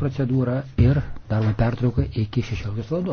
procedūrą ir darome pertrauką iki 16 val.